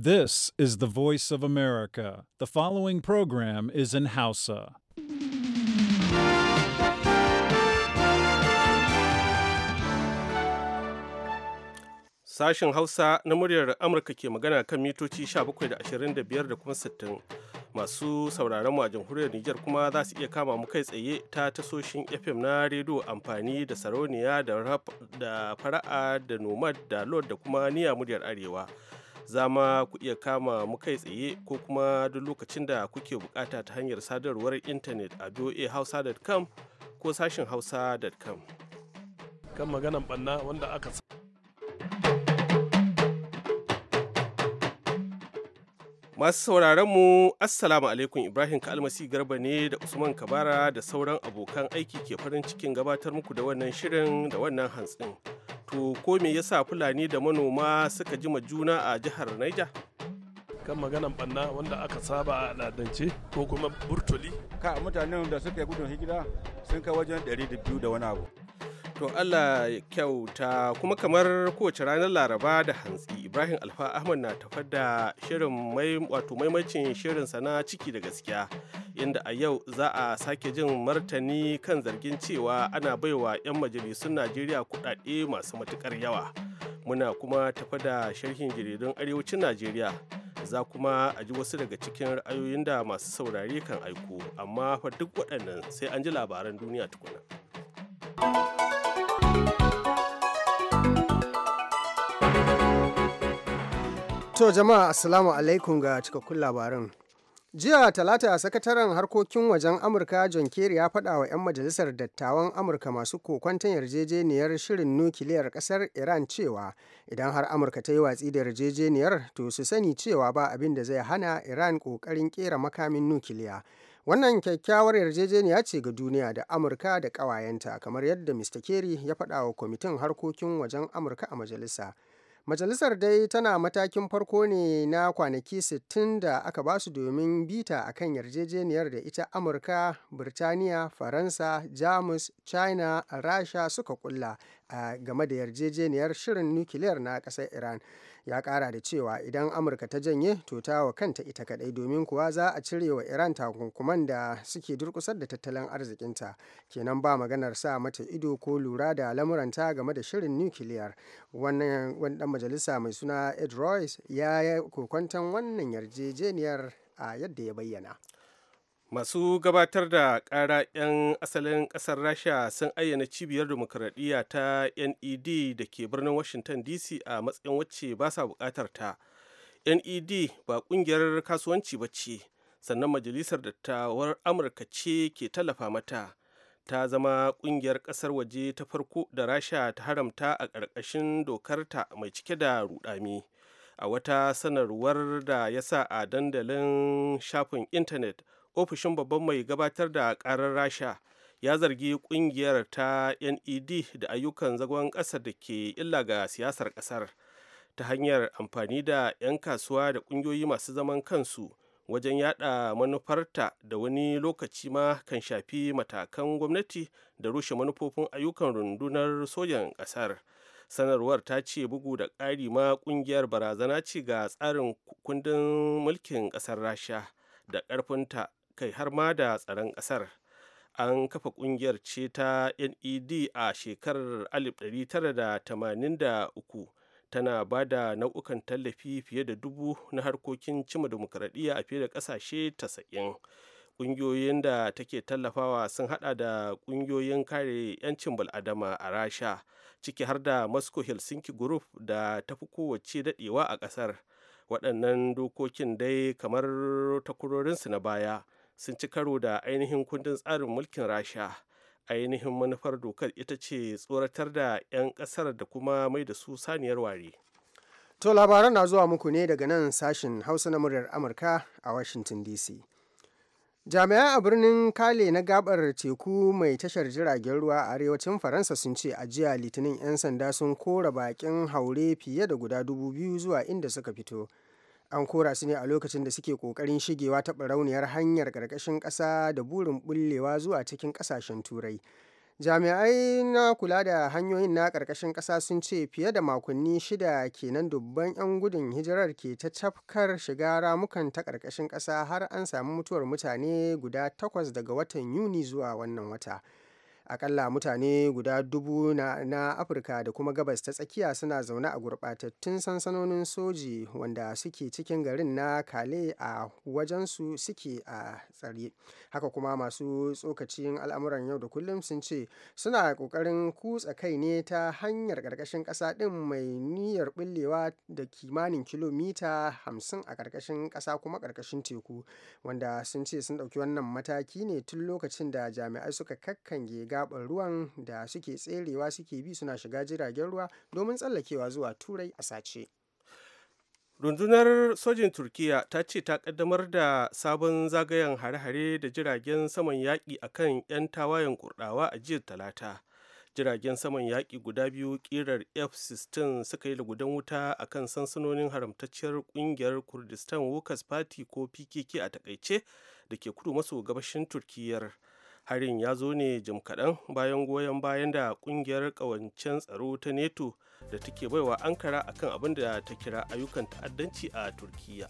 This is the voice of America. The following program is in Hausa. Sashen Hausa na muryar Amurka ke magana kan mitoci 17 da 25 da kuma 60. Masu sauraron mu a jamhuriyar Nijar kuma za su iya kama mu kai tsaye ta tasoshin FM na rediyo amfani da sarauniya da fara'a da nomad da lord da kuma niya muryar arewa. Zama ku iya kama mu kai tsaye ko kuma duk lokacin da kuke bukata ta hanyar sadarwar intanet a voahausa.com ko sashin hausa.com kan maganan banna wanda aka Masu sauraron mu Assalamu alaikum Ibrahim Kalmasi Garba ne da Usman Kabara da sauran abokan aiki ke farin cikin gabatar muku da wannan shirin da wannan hantsin. to ko me yasa fulani da manoma suka jima juna a jihar Niger? kan maganan banna wanda aka saba a al'adance ko kuma burtuli ka mutanen da suka yi gudun hijira sun kai wajen 200 da wani abu to Allah kyauta kuma kamar kowace ranar laraba da hantsi ibrahim alfa ahmad na tafar da shirin wato maimacin shirin sana ciki da gaskiya inda a yau za a sake jin martani kan zargin cewa ana baiwa 'yan majalisun najeriya kudade masu matukar yawa muna kuma tafa da sharhin jaridun arewacin najeriya za kuma a ji wasu daga cikin ra'ayoyin da masu saurare kan aiko amma fa duk waɗannan sai an ji labaran duniya tukuna to jama'a assalamu alaikum ga cikakkun labaran jiya talata sakataren harkokin wajen amurka john kerry ya faɗa wa 'yan majalisar dattawan amurka masu kokwanton yarjejeniyar shirin nukiliyar ƙasar iran cewa idan har amurka ta yi watsi da yarjejeniyar to su sani cewa ba abin da zai hana iran ƙoƙarin ƙera makamin nukiliya wannan kyakkyawar yarjejeniya ce ga duniya da amurka da ƙawayenta kamar yadda mr kerry ya faɗa wa kwamitin harkokin wajen amurka a majalisa Majalisar dai tana matakin farko ne na kwanaki 60 da aka ba su domin bita a kan yarjejeniyar da ita Amurka, Birtaniya, Faransa, Jamus, China, Rasha suka ƙulla game da yarjejeniyar shirin nukiliyar na ƙasar Iran. ya kara da cewa idan amurka ta janye to ta wa kanta ita kadai domin kuwa za a cire wa iran takunkuman da suke durkusar da tattalin arzikinta kenan ba maganar sa mata ido ko lura da lamuranta game da shirin nukiliyar wannan wani majalisa mai suna ed royce ya kokwantan wannan yarjejeniyar a yadda ya bayyana masu gabatar da ƙara 'yan asalin ƙasar rasha sun ayyana cibiyar demokuraɗiyya ta ned da ke birnin washington dc a matsayin wacce ba sa buƙatar ta ned ba ƙungiyar kasuwanci ba ce sannan majalisar dattawar amurka ce ke tallafa mata ta zama ƙungiyar ƙasar waje ta farko da rasha ta haramta a ƙarƙashin dokarta mai cike da rudami a wata sanarwar da ya sa a dandalin shafin intanet ofishin babban mai gabatar da karar rasha ya zargi kungiyar ta ned da ayyukan zagon ƙasar da ke illa ga siyasar ƙasar ta hanyar amfani da 'yan kasuwa da ƙungiyoyi masu zaman kansu wajen yada manufarta da wani lokaci ma kan shafi matakan gwamnati da rushe manufofin ayyukan rundunar sojan ƙasar sanarwar ta ce bugu da ƙari ma ƙungiyar barazana ce ga tsarin kundin mulkin ƙasar rasha da ƙarfinta kai har ma da tsaron ƙasar an kafa ƙungiyar ce ta ned a shekarar 1983 tana ba da nau'ukan tallafi fiye da dubu na harkokin cima dimokuraɗiyya a fiye da ƙasashe 90 ƙungiyoyin da take tallafawa sun hada da ƙungiyoyin kare 'yancin bal'adama a rasha ciki har da moscow helsinki group da ta fi kowace daɗewa a ƙasar waɗannan dokokin dai kamar takurorinsu na baya sun ci karo da ainihin kundin tsarin mulkin rasha ainihin manufar dokar ita ce tsoratar da 'yan kasar da kuma mai da su saniyar ware to labaran na zuwa muku ne daga nan sashen hausa na muryar amurka a washington dc jami'a a birnin kale na gabar teku mai tashar jiragen ruwa a arewacin faransa sun ce a jiya litinin 'yan sanda sun kora bakin haure fiye da guda dubu biyu zuwa inda suka fito an kora su ne a lokacin da suke ƙoƙarin shigewa ta barauniyar hanyar ƙarƙashin ƙasa da burin bullewa zuwa cikin ƙasashen turai jami'ai na kula da hanyoyin na ƙarƙashin ƙasa sun ce fiye da makonni shida kenan dubban 'yan gudun hijirar ke ta cafkar shiga ramukan ta ƙarƙashin ƙasa har an samu mutuwar mutane guda takwas daga watan yuni zuwa wannan wata. akalla mutane guda dubu na, na afirka da kuma gabas ta tsakiya suna zaune a gurɓatattun sansanonin soji wanda suke cikin garin na kale a wajensu suke a tsare haka kuma masu tsokacin al'amuran yau da kullum sun ce suna ƙoƙarin kutsa kai ne ta hanyar ƙarƙashin ƙasa ɗin mai niyyar ɓullewa da kimanin kilomita hamsin a ƙarƙashin ƙasa kuma ƙarƙashin teku wanda sun ce sun ɗauki wannan mataki ne tun lokacin da jami'ai suka kakkange gabar ruwan da suke tserewa suke bi suna shiga jiragen ruwa domin tsallakewa zuwa turai a sace rundunar sojin turkiya ta ce ta kaddamar da sabon zagayen hare-hare da jiragen saman yaƙi a kan 'yan tawayen kurdawa a jiya talata jiragen saman yaƙi guda biyu ƙirar f-16 suka yi lagudan wuta a kan sansanonin haramtacciyar ƙungiyar kurdistan workers party ko pkk a takaice da ke kudu maso gabashin turkiyyar harin ya zo ne jim kaɗan bayan goyon bayan da ƙungiyar ƙawancen tsaro ta neto da take baiwa ankara akan abin da ta kira ayyukan ta'addanci a turkiyya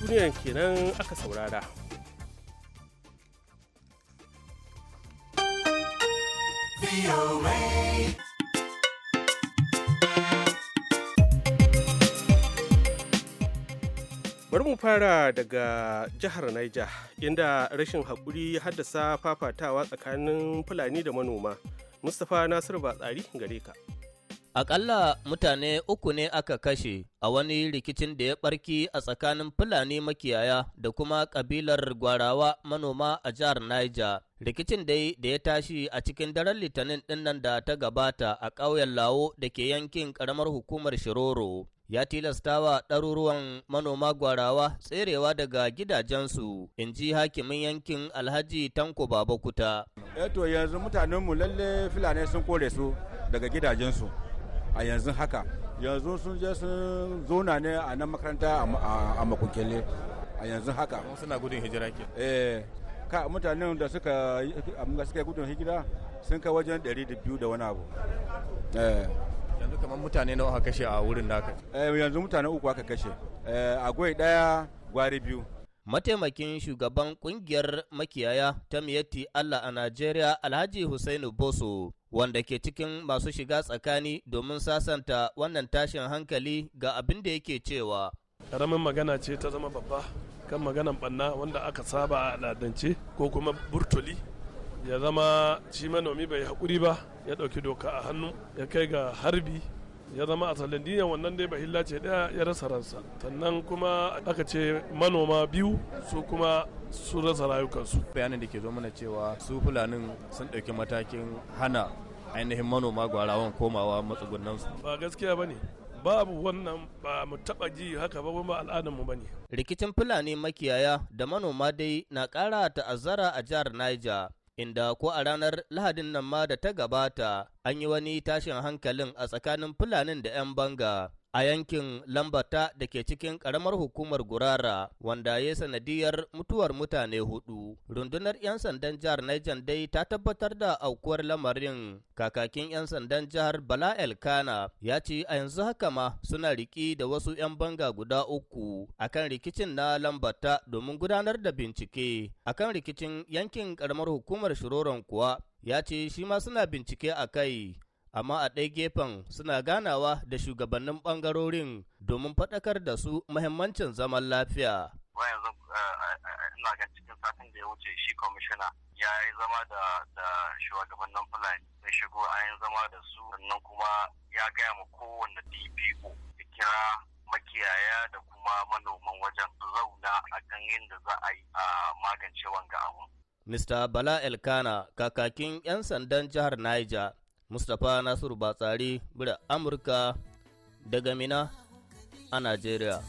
duniyar kenan aka saurara bari mu fara daga jihar Niger inda rashin haƙuri ya haddasa fafatawa tsakanin fulani da manoma mustapha nasir batsari gare ka Aƙalla mutane uku ne aka kashe a wani rikicin da ya ɓarki a tsakanin Fulani makiyaya da kuma kabilar Gwarawa manoma a jihar Niger. Rikicin dai da ya tashi a cikin daren Litinin ɗinnan da ta gabata a ƙauyen Lawo da ke yankin ƙaramar hukumar Shiroro. ya tilasta wa ɗaruruwan manoma gwarawa tserewa daga gidajensu in ji hakimin yankin alhaji tanko babakuta. eto eh yanzu mutanenmu lalle fulani sun kore su daga gidajensu a yanzu haka yanzu sun je sun zona ne a nan makaranta a makunkele a yanzu haka suna gudun hijira ke eh ka mutanen da suka suka gudun hijira sun kai wajen 200 da wani abu eh yanzu kamar mutane nawa aka kashe a wurin naka eh, yanzu mutane uku aka kashe eh, agwai daya gwari biyu Mataimakin shugaban kungiyar makiyaya ta miyatti Allah a Najeriya Alhaji Hussainu Boso wanda ke cikin masu shiga tsakani domin sasanta wannan tashin hankali ga abin da yake cewa. ƙaramin magana ce ta zama babba kan maganan banna wanda aka saba a al'adance ko kuma burtoli ya zama shi manomi bai haƙuri ba ya ɗauki doka a hannu ya kai ga harbi ya zama a salandiyan wannan dai bahilla ce daya ya rasa ransa sannan kuma aka ce manoma biyu su kuma su rasa rayukansu bayanin da ke zo mana cewa su fulanin sun ɗauki matakin hana ainihin manoma gwarawan komawa su. ba gaskiya ba ne babu wannan ba mu taɓa ji haka ba ba mu ba ne. Rikicin Fulani makiyaya da manoma dai na ƙara ta'azzara a jihar Niger inda ko a ranar Lahadin nan ma da ta gabata an yi wani tashin hankalin a tsakanin Fulanin da 'yan banga. a yankin lambata da ke cikin ƙaramar hukumar gurara wanda ya sanadiyar mutuwar mutane hudu rundunar 'yan sandan jihar Niger dai ta tabbatar da aukuwar lamarin kakakin 'yan sandan jihar bala elkana ya ce a yanzu haka ma suna riki da wasu 'yan banga guda uku akan rikicin na lambata domin gudanar da bincike akan rikicin yankin ƙaramar hukumar shiroron kuwa ya ce shi ma suna bincike a kai amma a ɗaya gefen suna ganawa da shugabannin ɓangarorin domin faɗakar da su muhimmancin zaman lafiya. yanzu eh, eh, eh, ina cikin satin da ya wuce shi kwamishina ya yi zama da shugabannin fulani ya shigo a yin zama da su sannan kuma ya gaya ma kowanne dpo ya kira makiyaya da kuma manoman wajen su zauna a kan yadda za a yi a magance wanga abun. Mr. Bala Elkana, kakakin 'yan sandan jihar Niger, Mustapha Nasiru Batsari, bira Amurka daga Mina a Najeriya.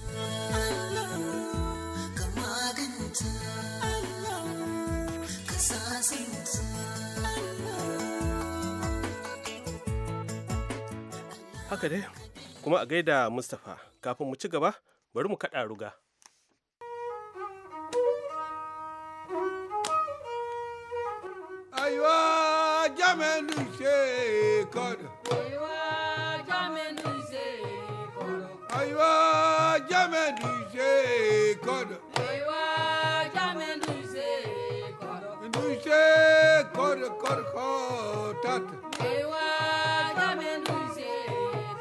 Haka dai, kuma a gaida Mustapha, kafin mu ci gaba, bari mu kaɗa ruga. jamenu se kodo. Oyiwa jamenu se kodo. Oyiwa jamenu se kodo. Oyiwa jamenu se kodo. Nu se kodo kodo kotat. Oyiwa jamenu se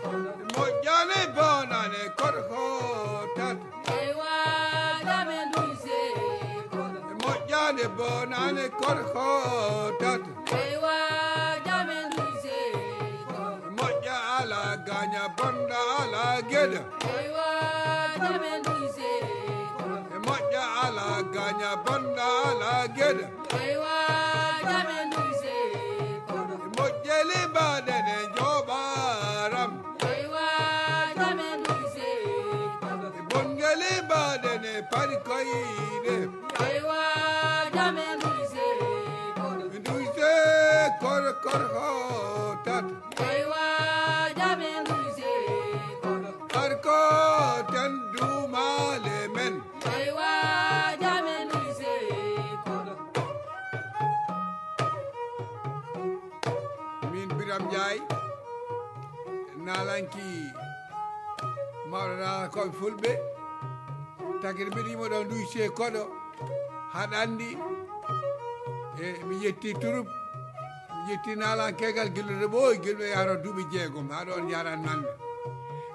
kodo. Mojale bona ne kodo together. Emanya ala ganya banda ala geda. Ndiaye nalanki mawɗo nalankoɓe fulɓe tagiri mbiɗa yimo ɗon duyse koɗo haɗa andi e mi yetti turup mi yetti nalankegal gillude ɓooy gilɗo yahata duuɓi jeegom haɗo on yaran nanga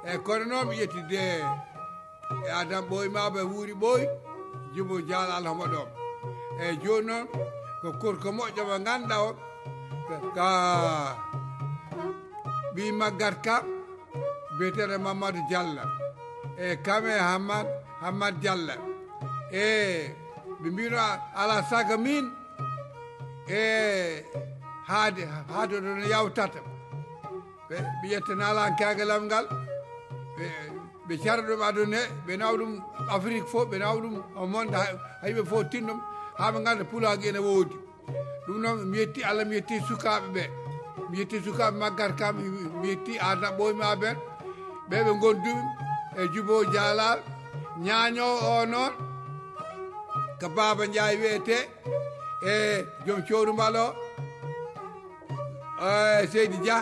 eyi kono mi yetti de e adam ɓooy maba wuuri ɓooy jumo jaalal homo ɗon eyi joni ko korko moƴƴo mo ganduɗa o ka ɓi maggat ka biyeteɗo mamadou dialla e kame hamad hamad dialla e ɓe mbino ala saga min e haade haade ɗo no yawtata ɓe ƴettana ala kagalam ngal ɓe cara ɗum aduna ɓe nawa ɗum afrique fof ɓe nawa ɗum o monde hayɓe fof tinɗum haaɓe ganda pulague ene woodi ɗum noon mi yetti allah mi yetti sukaɓe ɓe mi yetti sukaɓe maggat kam mi yetti adna ɓoymi amen ɓeɓe gondumi e jubo dialal ñañowo o noon ko baba ndiaye wiyete e eh, joom coru mbalo eh, seydi dia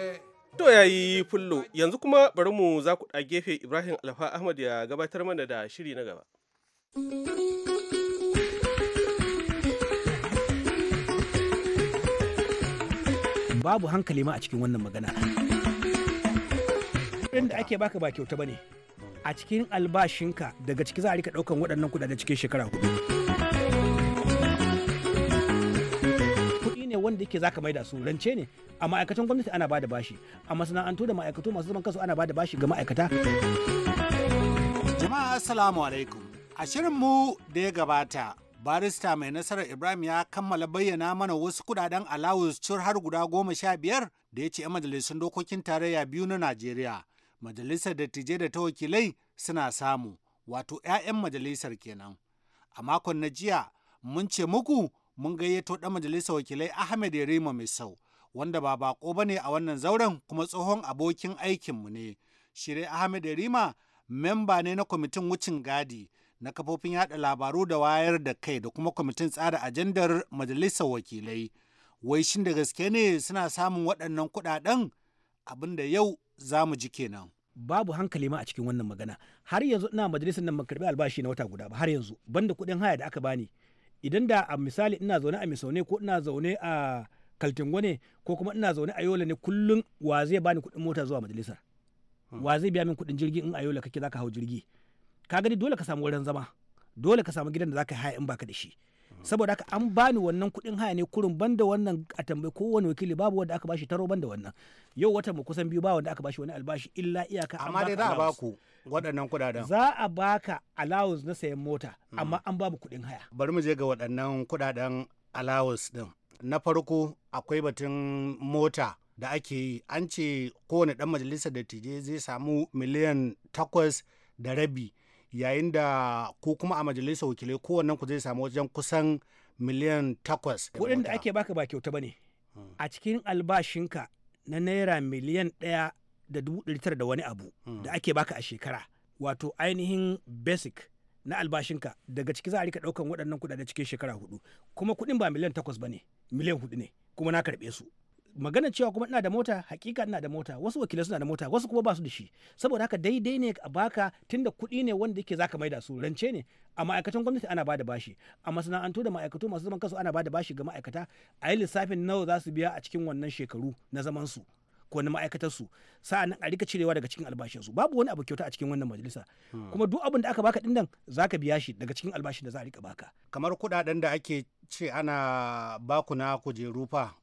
eh. to yayi fullo yanzu kuma bari mu za ku gefe ibrahim alfa ahmad ya gabatar mana da shiri na gaba babu hankali ma a cikin wannan magana kuɗin da ake baka ba kyauta ba ne, a cikin albashinka daga ciki za a rika ɗaukan waɗannan kudaden cikin shekara hudu kuɗi ne wanda yake zaka maida su rance ne a ma'aikatan gwamnati ana bada bashi a masana'antu da ma'aikatu masu zaman kansu ana bada bashi ga ma'aikata jama'a assalamu alaikum a shirin mu da ya gabata barista mai nasarar ibrahim ya kammala bayyana mana wasu kudaden alawus cur har guda goma sha biyar da ya ce 'yan majalisun dokokin tarayya biyu na najeriya majalisar dattijai da ta wakilai suna samu wato 'ya'yan majalisar kenan a makon na jiya mun ce muku mun gayyato ɗan majalisar wakilai ahmed yarima mai sau wanda ba bako ba ne a wannan zauren kuma tsohon abokin aikinmu ne Shirai ahmed yarima memba ne na kwamitin wucin gadi na kafofin yada labaru da wayar da kai da kuma kwamitin tsara ajandar majalisar wakilai wai shin da gaske ne suna samun waɗannan kuɗaɗen abin yau za mu ji kenan babu hankali ma a cikin wannan magana har yanzu ina majalisar nan makarbi albashi na wata guda ba har yanzu banda kuɗin haya da aka bani idan da a misali ina zaune a misaune ko ina zaune a kaltingo ne ko kuma ina zaune a yola ne kullum wa zai bani kuɗin mota zuwa majalisar wa zai biya min kuɗin jirgi in a yola kake zaka hau jirgi ka gani dole ka samu wurin zama dole ka samu gidan da zaka haya in baka da shi saboda haka an bani wannan kuɗin haya ne kurun banda wannan a tambayi kowane wakili babu wanda aka bashi taro banda wannan yau watan mu kusan biyu ba wanda aka bashi wani albashi illa iyaka amma dai za a baku waɗannan kuɗaɗen za a baka allowance na sayan mota mm. amma an babu kuɗin haya bari mu je ga waɗannan kuɗaɗen allowance din na farko akwai batun mota da ake yi an ce kowane dan majalisar dattijai zai samu miliyan takwas da rabi yayin da ko kuma a majalisar wakilai kowannen ku zai samu wajen kusan miliyan takwas. Kuɗin da ake baka ba kyauta ba ne. Hmm. A cikin albashinka na naira miliyan ɗaya da dubu litar da wani abu hmm. da ake baka a shekara wato ainihin basic na albashinka daga ciki za a rika ɗaukan waɗannan kuɗaɗe cikin shekara hudu kuma kuɗin ba miliyan takwas ba ne miliyan hudu ne kuma na karɓe su. magana cewa kuma ina da mota hakika ina da mota wasu wakilai suna da mota wasu kuma ba su da shi saboda haka daidai ne a baka tunda kuɗi ne wanda yake zaka maida su rance ne a ma'aikatan gwamnati ana bada bashi a masana'antu da ma'aikatu masu zaman kansu ana bada bashi ga ma'aikata a yi lissafin nawa za su biya a cikin wannan shekaru na zaman su ko na ma'aikatar su sa'an a rika cirewa daga cikin albashin su babu wani abu kyauta a cikin wannan majalisa hmm. kuma duk abin da aka baka dindan zaka biya shi daga cikin albashin da za a rika baka kamar kuɗaɗen da ake ce ana baku na kujeru fa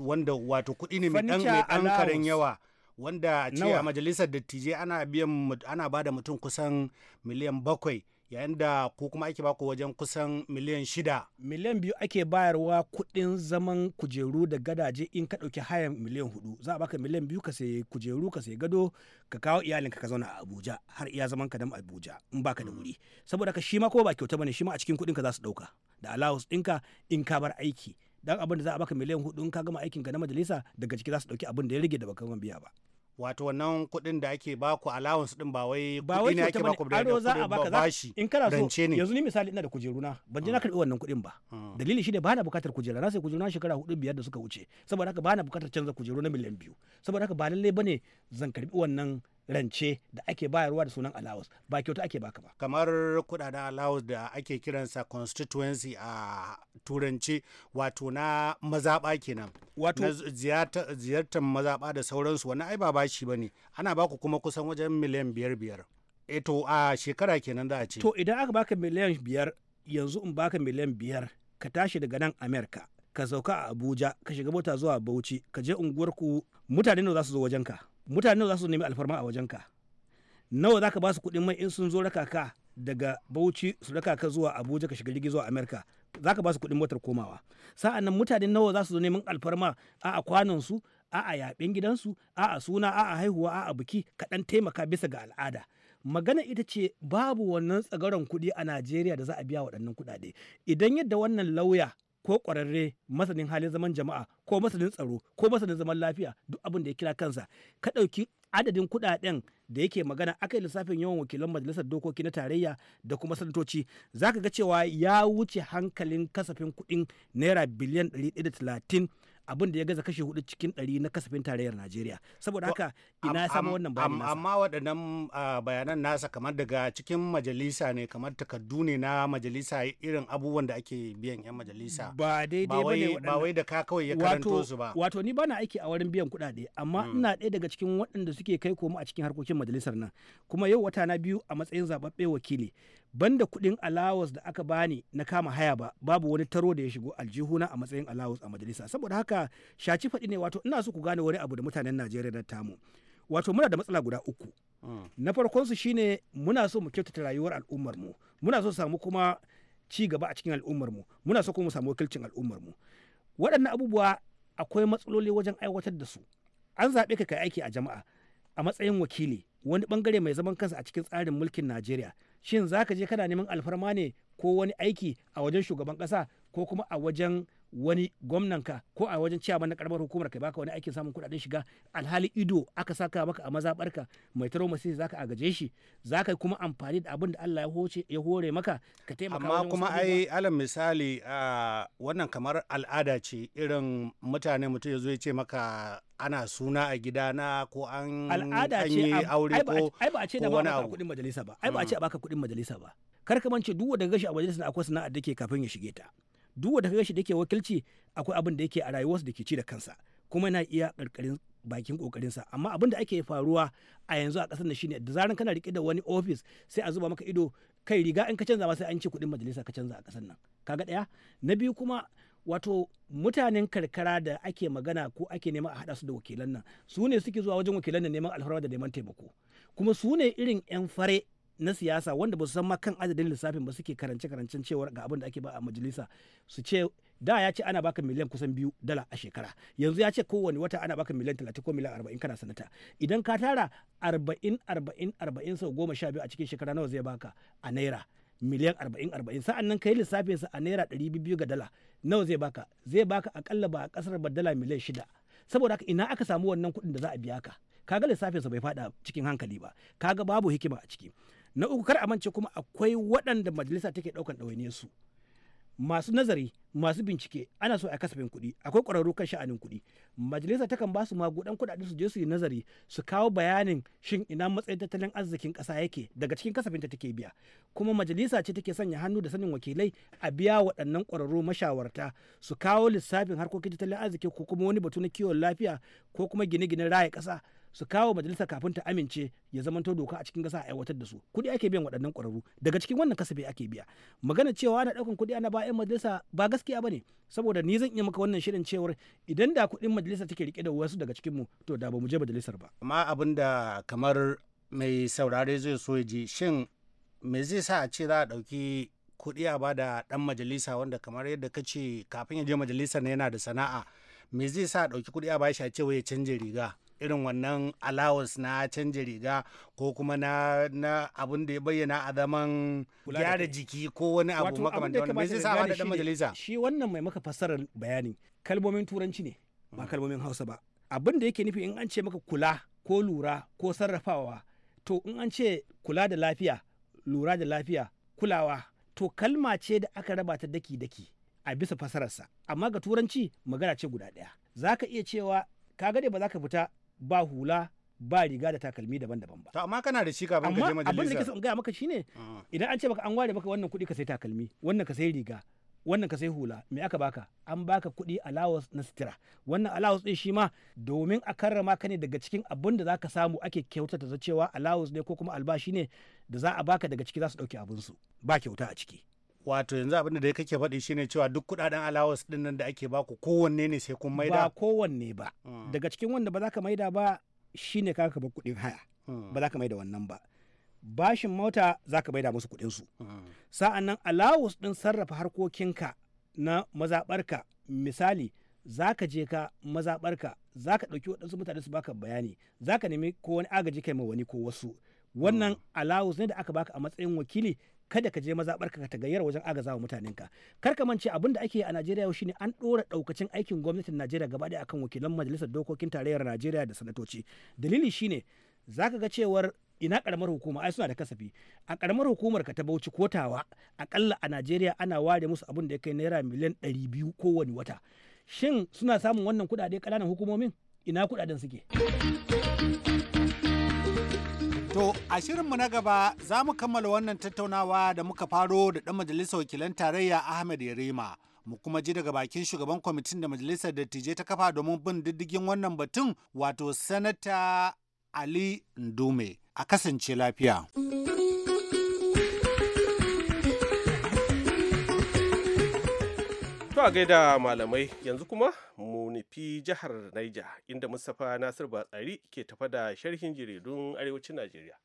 wanda wato kuɗi ne mai ɗan karen yawa wanda ce a majalisar dattijai ana biyan ana ba da mutum kusan miliyan bakwai yayin da ko kuma ake baku wajen kusan miliyan shida. Miliyan biyu ake bayarwa kuɗin zaman kujeru da gadaje in ka ɗauki hayan miliyan hudu za a baka miliyan biyu ka sayi kujeru ka sayi gado ka kawo iyalinka ka zauna a Abuja har iya zaman ka dam Abuja in baka da mm. wuri saboda ka shi ma ko ba kyauta bane shi ma a cikin kuɗin ka za su ɗauka da allowance ɗinka in ka bar aiki dan abin da za a baka miliyan hudu in ka gama aikin ka na majalisa daga ciki za su dauki abin da ya rage da baka biya ba wato wannan kuɗin da ake baku allowance din ba wai kuɗi ne ake baku da za a baka bashi in kana so yanzu ni misali ina da kujeruna ban je na ah. karbi wannan kuɗin ba ah. dalili shine ba na bukatar kujera na sai kujeruna shekara hudu biyar da suka wuce saboda haka ba na bukatar canza kujeru na miliyan biyu saboda haka ba lallai bane zan karbi wannan rance da ake bayarwa da sunan alawas ba kyauta ake baka ba kamar kudaden alawas da ake kiransa constituency a turanci wato na mazaba kenan wato ziyartar mazaba da sauransu wani ai ba bashi bane ana baku kuma kusan wajen miliyan biyar biyar eto a shekara kenan da a ce to idan aka baka miliyan biyar yanzu in baka miliyan biyar ka tashi daga nan amerika ka sauka a abuja ka shiga mota zuwa bauchi ka je unguwarku mutane ne za su zo ka. Mutane za su nemi alfarma a wajenka nawa za ka ba su kuɗin mai in sun zo raka ka daga bauchi su raka ka zuwa abuja ka shiga zuwa amerika za ka ba su kuɗin motar komawa sa'an nan mutane nawa za su zo neman alfarma a a su, a a yaɓen gidansu a a suna a a haihuwa a a biki kaɗan taimaka bisa ga al'ada magana ita ce babu wannan tsagaron kuɗi a najeriya da za a biya waɗannan kuɗaɗe idan yadda wannan lauya ko ƙwararre masanin halin zaman jama'a ko masanin tsaro ko masanin zaman lafiya duk abin da ya kira kansa ka ɗauki adadin kuɗaɗen da yake magana aka yi lissafin yawan wakilan majalisar dokoki na tarayya da kuma sanatoci zaka ga cewa ya wuce hankalin kasafin kuɗin naira biliyan ɗari da talatin. abin da ya gaza kashe hudu cikin ɗari na kasafin tarayyar najeriya saboda haka ina samu wannan bayanan amma waɗannan bayanan nasa kamar daga cikin majalisa ne kamar takardu ne na majalisa irin abubuwan da ake biyan yan majalisa ba daidai ba ne ba wai da ka kawai ya karanto su ba wato ni bana aiki a wurin biyan kuɗaɗe amma hmm. ina ɗaya daga cikin waɗanda suke kai komo a cikin harkokin majalisar nan kuma yau wata na biyu a matsayin zaɓaɓɓe wakili banda kuɗin allowance da aka bani na kama haya ba babu wani taro da ya shigo aljihuna a matsayin allowance a majalisa saboda haka shaci faɗi ne wato ina so ku gane wani abu da mutanen najeriya na tamu wato muna da matsala guda uku hmm. na farkon su shine muna so mu kyautata rayuwar al'ummar mu muna so samu kuma ci gaba a cikin al'ummar mu muna so kuma mu samu wakilcin al'ummar mu waɗannan abubuwa akwai matsaloli wajen aiwatar da su an zaɓe ka kai aiki a jama'a a matsayin wakili wani bangare mai zaman kansa a cikin tsarin mulkin najeriya shin za ka je kana neman alfarma ne ko wani aiki a wajen shugaban ƙasa ko kuma a wajen wani gwamnanka ko a wajen ciyaman na karamar hukumar ka baka wani aikin samun kudaden shiga alhali ido aka saka maka a mazabarka mai taro masisi zaka agaje shi zaka kuma amfani da abin da Allah ya hoce ya hore maka ka taimaka amma kuma ai alal misali wannan kamar al'ada ce irin mutane mutum ya ya ce maka ana suna a gidana ko an yi aure ko ai ba a ce da ba ka kudin majalisa ba ai ba a mm. ce a baka kudin majalisa ba kar ka mance duk wanda gashi a majalisa akwai sana'ar da ke kafin ya shige ta duk wanda kaga shi da yake wakilci akwai abin da yake a rayuwarsa da ke ci da kansa kuma yana iya karkarin bakin kokarinsa amma abin da ake faruwa a yanzu a kasar da shine da zaran kana rike da wani office sai a zuba maka ido kai riga in ka canza ma sai an ce kuɗin majalisa ka canza a kasar nan kaga daya na biyu kuma wato mutanen karkara da ake magana ko ake nema a haɗa su da wakilan nan su ne suke zuwa wajen wakilan nan neman alfarma da neman taimako kuma su ne irin 'yan fare na siyasa wanda ba su san ma kan adadin lissafin ba suke karance karancen cewar ga abin da ake ba a majalisa su ce da ya ce ana baka miliyan kusan biyu dala a shekara yanzu ya ce kowane wata ana baka miliyan talatin ko miliyan arba'in kana sanata idan ka tara arba'in arba'in arba'in sau goma sha biyu a cikin shekara nawa zai baka a naira miliyan arba'in arba'in sa'an nan kai lissafin sa a naira ɗari biyu ga dala nawa zai baka zai baka akalla ba a kasar ba dala miliyan shida saboda haka ina aka samu wannan kuɗin da za a biya ka kaga lissafin sa bai fada cikin hankali ba kaga babu hikima a ciki na uku kar amince kuma akwai waɗanda majalisa take ɗaukan ɗawainiyar su masu nazari masu bincike ana so a kasafin kuɗi akwai ƙwararru kan sha'anin kuɗi majalisa takan ba su magudan kuɗaɗe su je su yi nazari su kawo bayanin shin ina matsayin tattalin arzikin ƙasa yake daga cikin kasafinta take biya kuma majalisa ce take sanya hannu da sanin wakilai a biya waɗannan ƙwararru mashawarta su kawo lissafin harkokin tattalin arziki ko kuma wani batu na kiwon lafiya ko kuma gine-ginen raya ƙasa su kawo majalisa kafin ta amince ya zamanto doka a cikin gasa a aiwatar da su kuɗi ake biyan waɗannan ƙwararru daga cikin wannan kasafi ake biya magana cewa ana ɗaukan kuɗi ana bayan 'yan majalisa ba gaskiya bane saboda ni zan iya maka wannan shirin cewar idan da kuɗin majalisa take rike da wasu daga cikin mu to da ba mu je majalisar ba amma abin da kamar mai saurare zai so ya ji shin me zai sa a ce za a ɗauki kuɗi a bada ɗan majalisa wanda kamar yadda ka ce kafin ya je majalisar yana da sana'a me zai sa a ɗauki kuɗi a bashi a ce ya canje riga irin wannan allowance na canja riga ko kuma na abin da ya bayyana a zaman gyara jiki ko wani abu makamantar wannan me sa da majalisa shi wannan mai maka fassarar bayani kalmomin turanci ne ba kalmomin Hausa ba abin da yake nufi in an ce maka kula ko lura ko sarrafawa to in an ce kula da lafiya lura da lafiya kulawa to kalma ce da aka raba ta daki-daki a bisa fasararsa amma ga turanci magana ce guda ɗaya za ka iya cewa ka gade ba za ka fita ba hula ba riga da takalmi daban-daban ba. To amma kana da shi ka ka je majalisa. Amma abin da kake gaya maka shine ah. idan an ce baka an ware maka wannan kuɗi ka sai takalmi, wannan ka sai riga, wannan ka sai hula, me aka baka? An baka kuɗi allowance na sitira. Wannan allowance din shi ma domin a karrama ka ne daga cikin abin da zaka samu ake kyautata da cewa allowance ne ko kuma albashi ne da za a baka daga ciki za su ɗauke abin su. Ba kyauta a ciki. wato yanzu abin da kake faɗi shine cewa duk kuɗaɗen allowance din nan da ake baku kowanne ne sai kun maida ba kowanne ba hmm. daga cikin wanda ba za ka maida ba shine ka ka kuɗin haya hmm. ba za ka maida wannan ba bashin mota za ka maida musu kuɗin su hmm. sa'an nan allowance ɗin sarrafa harkokinka na mazaɓarka misali za ka je ka mazaɓarka za ka ɗauki waɗansu mutane su baka bayani za ka nemi ko wani agaji kai ma wani ko wasu wannan allowance ne da aka baka a matsayin wakili kada ka je barka ka tagayyar wajen agaza wa mutanenka kar ka mance abin da ake a Najeriya yau shine an ɗora ɗaukacin aikin gwamnatin Najeriya gaba ɗaya akan wakilan majalisar dokokin tarayyar Najeriya da sanatoci dalili shine zaka ga cewar ina karamar hukuma ai suna da kasafi a karamar hukumar ka ta bauchi kotawa akalla a najeriya ana ware musu abin da ya kai naira miliyan 200 kowane wata shin suna samun wannan kudade kananan hukumomin ina kudaden suke To, a shirinmu na gaba za mu kammala wannan tattaunawa da muka faro da ɗan majalisar wakilan tarayya Ahmed Yarima, Mu kuma ji daga bakin shugaban kwamitin da majalisar dattijai ta kafa domin bin diddigin wannan batun wato sanata Ali Ndume. A kasance lafiya. To a gaida malamai yanzu kuma mu nufi jihar Naija inda Mustapha Nasir Batsari ke tafa da sharhin jaridun arewacin Najeriya.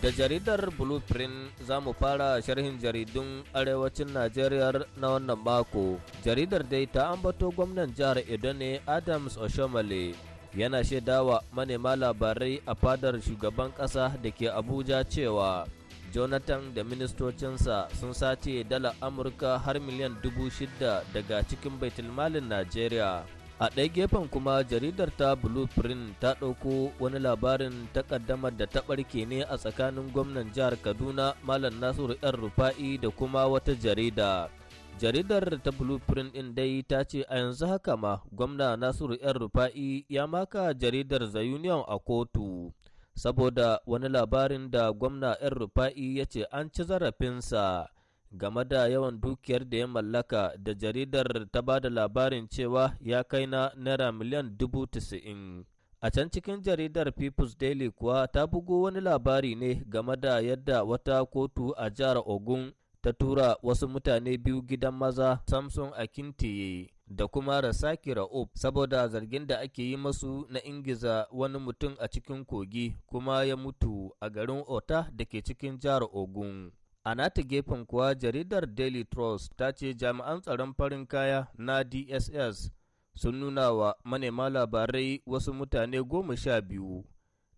Da jaridar Blueprint za mu fara sharhin jaridun arewacin Najeriya na wannan mako. Jaridar dai ta ambato gwamnan jihar Edo ne Adams Oshomale yana shaidawa manema labarai a fadar shugaban ƙasa da ke abuja cewa jonathan da ministocinsa sun sace dala amurka har miliyan dubu shida daga cikin baitulmalin najeriya a ɗaya gefen kuma jaridar ta blueprint ta ɗauko wani labarin takaddamar da ta ɓarke ne a tsakanin gwamnan jihar kaduna malam nasiru yan rufa'i da kuma wata jarida jaridar ta blueprint ɗin dai ta ce a yanzu haka ma gwamna nasiru yan rufa'i ya maka jaridar the union a kotu saboda wani labarin da gwamna yan rufa'i ya ce an ci zarafinsa game da yawan dukiyar da ya mallaka da jaridar ta ba da labarin cewa ya kai na naira miliyan dubu tisa'in A can cikin jaridar People's Daily kuwa ta bugo wani labari ne game da yadda wata kotu a jihar Ogun ta tura wasu mutane biyu gidan maza Samson Akinteye da kuma Rasaki Ra'ub saboda zargin da ake yi masu na ingiza wani mutum a cikin kogi kuma ya mutu a garin Ota da ke cikin jihar Ogun. A nata gefen kuwa jaridar Daily Trust ta ce jami'an tsaron farin kaya na DSS sun nuna wa manema labarai wasu mutane goma sha biyu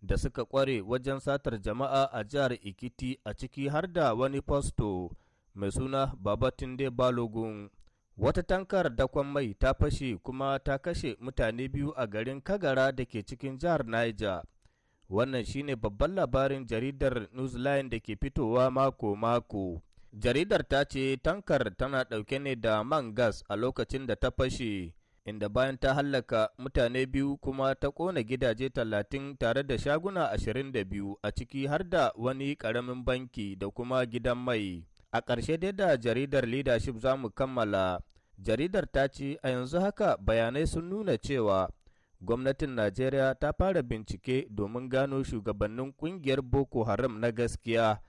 da suka kware wajen satar jama'a a jihar Ikiti a ciki har da wani fasto mai suna Babatunde Balogun. Wata tankar dakon mai ta fashe kuma ta kashe mutane biyu a garin Kagara da ke cikin jihar Niger. Wannan shine babban labarin jaridar Newsline da ke fitowa mako-mako. Jaridar ta ce tankar tana dauke ne da man gas a lokacin da ta fashe, inda bayan ta hallaka mutane biyu kuma ta kona gidaje talatin tare da shaguna ashirin da biyu a ciki har da wani karamin banki da kuma gidan mai. A ƙarshe dai da jaridar leadership za mu kammala, jaridar ta ce a yanzu haka bayanai sun nuna cewa gwamnatin Najeriya ta fara bincike domin gano shugabannin ƙungiyar Boko Haram na gaskiya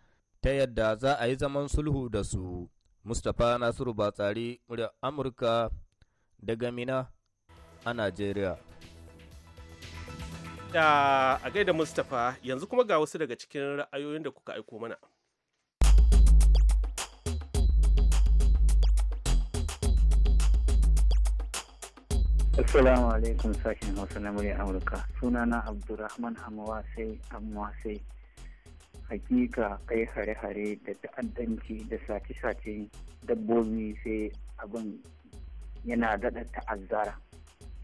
ta yadda za a yi zaman sulhu da su. Mustapha Nasiru Batsari, murya Amurka daga Mina a Najeriya. Da a gaida Mustapha yanzu kuma ga wasu daga cikin ra'ayoyin da kuka aiko mana. Assalamu alaikum sashen Hausa na muryar Amurka. Sunana abdurrahman Hamawasai Amwasai. Hakika kai hare-hare da ta'addanci da sace-sace dabbobi sai abin yana daɗa ta'azzara.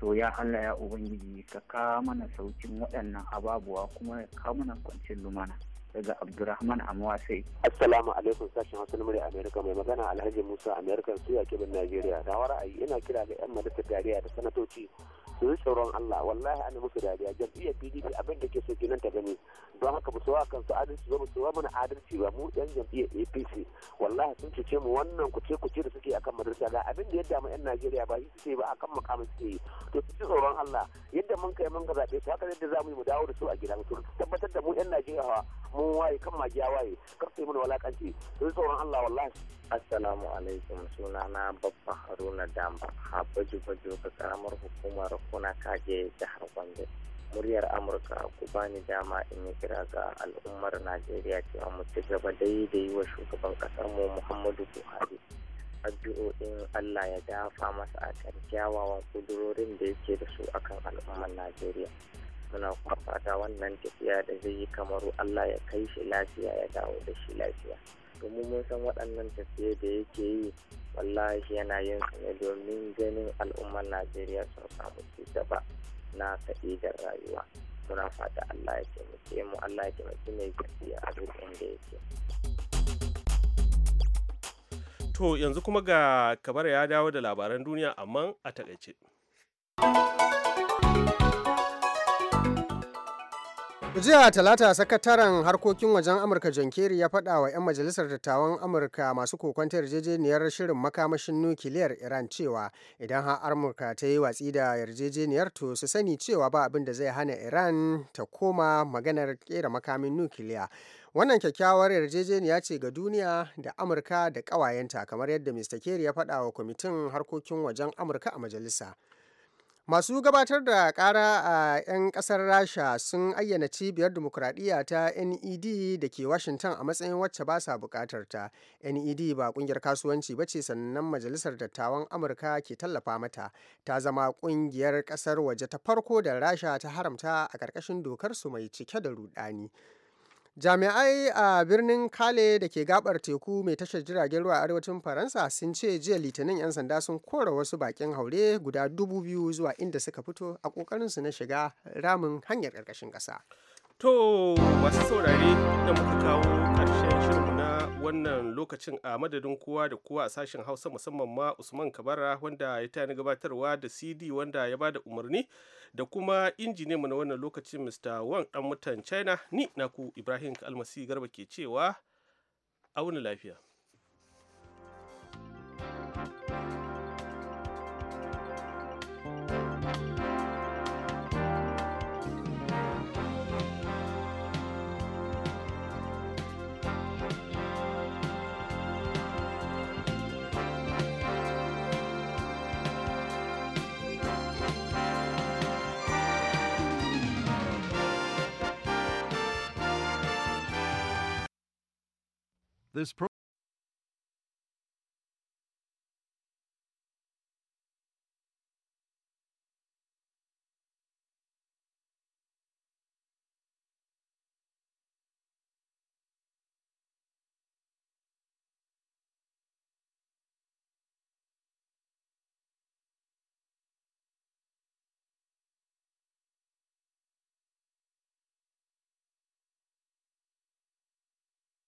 To ya Allah ya Ubangiji ka kawo mana saukin waɗannan ababuwa kuma ka mana kwancin lumana. daga Abdurrahman Amwase. Assalamu alaikum sashen Hausa na Amerika mai magana Alhaji Musa Amerika su ya kibin Najeriya. Na ra'ayi ina kira ga 'yan majalisar tarayya da sanatoci su yi tsoron Allah wallahi ana musu dariya jam'iyyar PDP abin da ke so kenan ta gani don haka ba su wa kansu adalci ba ba su wa mana adalci ba mu yan jam'iyyar APC wallahi sun ce mu wannan kuce kuce da suke akan madrasa ga abin da ya damu yan Najeriya ba shi suke ba akan makamin suke yi to su ci tsoron Allah yadda mun kai mun ga zabe su haka yadda za mu yi mu dawo da su a gidan su tabbatar da mu yan Najeriya mu waye kan magiya waye kar su yi mana walakanci su tsoron Allah wallahi Assalamu alaikum suna na babba Haruna Damba baju baju ga karamar hukumar kuna kage jihar Gombe. Muryar Amurka ku bani dama in yi kira ga al'ummar Najeriya cewa mu ci gaba daidai wa shugaban kasar mu Muhammadu Buhari. Addu'o'in Allah ya dafa masa a kan kyawawan kudurorin da yake da su akan al'ummar Najeriya. Muna kuma fata wannan tafiya da zai yi kamaru Allah ya kai shi lafiya ya dawo da shi lafiya. domin mun san waɗannan tafiye da yake yi wallahi yana yin su ne domin ganin al'ummar najeriya sun samu ci gaba na sa'idar rayuwa muna fata allah ya taimake mu allah ya taimake mai gaskiya a duk inda yake to yanzu kuma ga kabar ya dawo da labaran duniya amma a takaice. jiya talata sakataren harkokin wajen amurka john kerry ya faɗa wa 'yan majalisar dattawan amurka masu kokon yarjejeniyar shirin makamashin nukiliyar iran cewa idan har amurka ta yi watsi da yarjejeniyar to su sani cewa ba abin da zai hana iran ta koma maganar kera makamin nukiliya wannan kyakkyawar yarjejeniya ce ga duniya da amurka da kawayenta kamar yadda mr kerry ya faɗa wa kwamitin harkokin wajen amurka a majalisa Masu gabatar da kara a 'yan kasar Rasha sun ayyana cibiyar demokuraɗiyya ta NED da ke Washington a matsayin wacce ba sa bukatar ta. NED ba kungiyar kasuwanci ba ce sannan Majalisar Dattawan Amurka ke tallafa mata. Ta zama kungiyar kasar waje ta farko da Rasha ta haramta a ƙarƙashin dokar su mai cike da rudani. Jami'ai a birnin kale da ke gabar teku mai tashar jiragen ruwa a arewacin Faransa sun ce jiya Litinin 'yan sanda sun kora wasu bakin haure guda dubu biyu zuwa inda suka fito a kokarin su na shiga ramin hanyar karkashin kasa. To masu saurare da muka kawo karshen shirin na wannan lokacin a madadin kowa da kowa a sashen Hausa musamman ma Usman Kabara wanda ya tani gabatarwa da CD wanda ya bada umarni. da kuma mu na wannan lokacin mr wang dan mutan china ni naku ibrahim almasi garba ke cewa auna lafiya This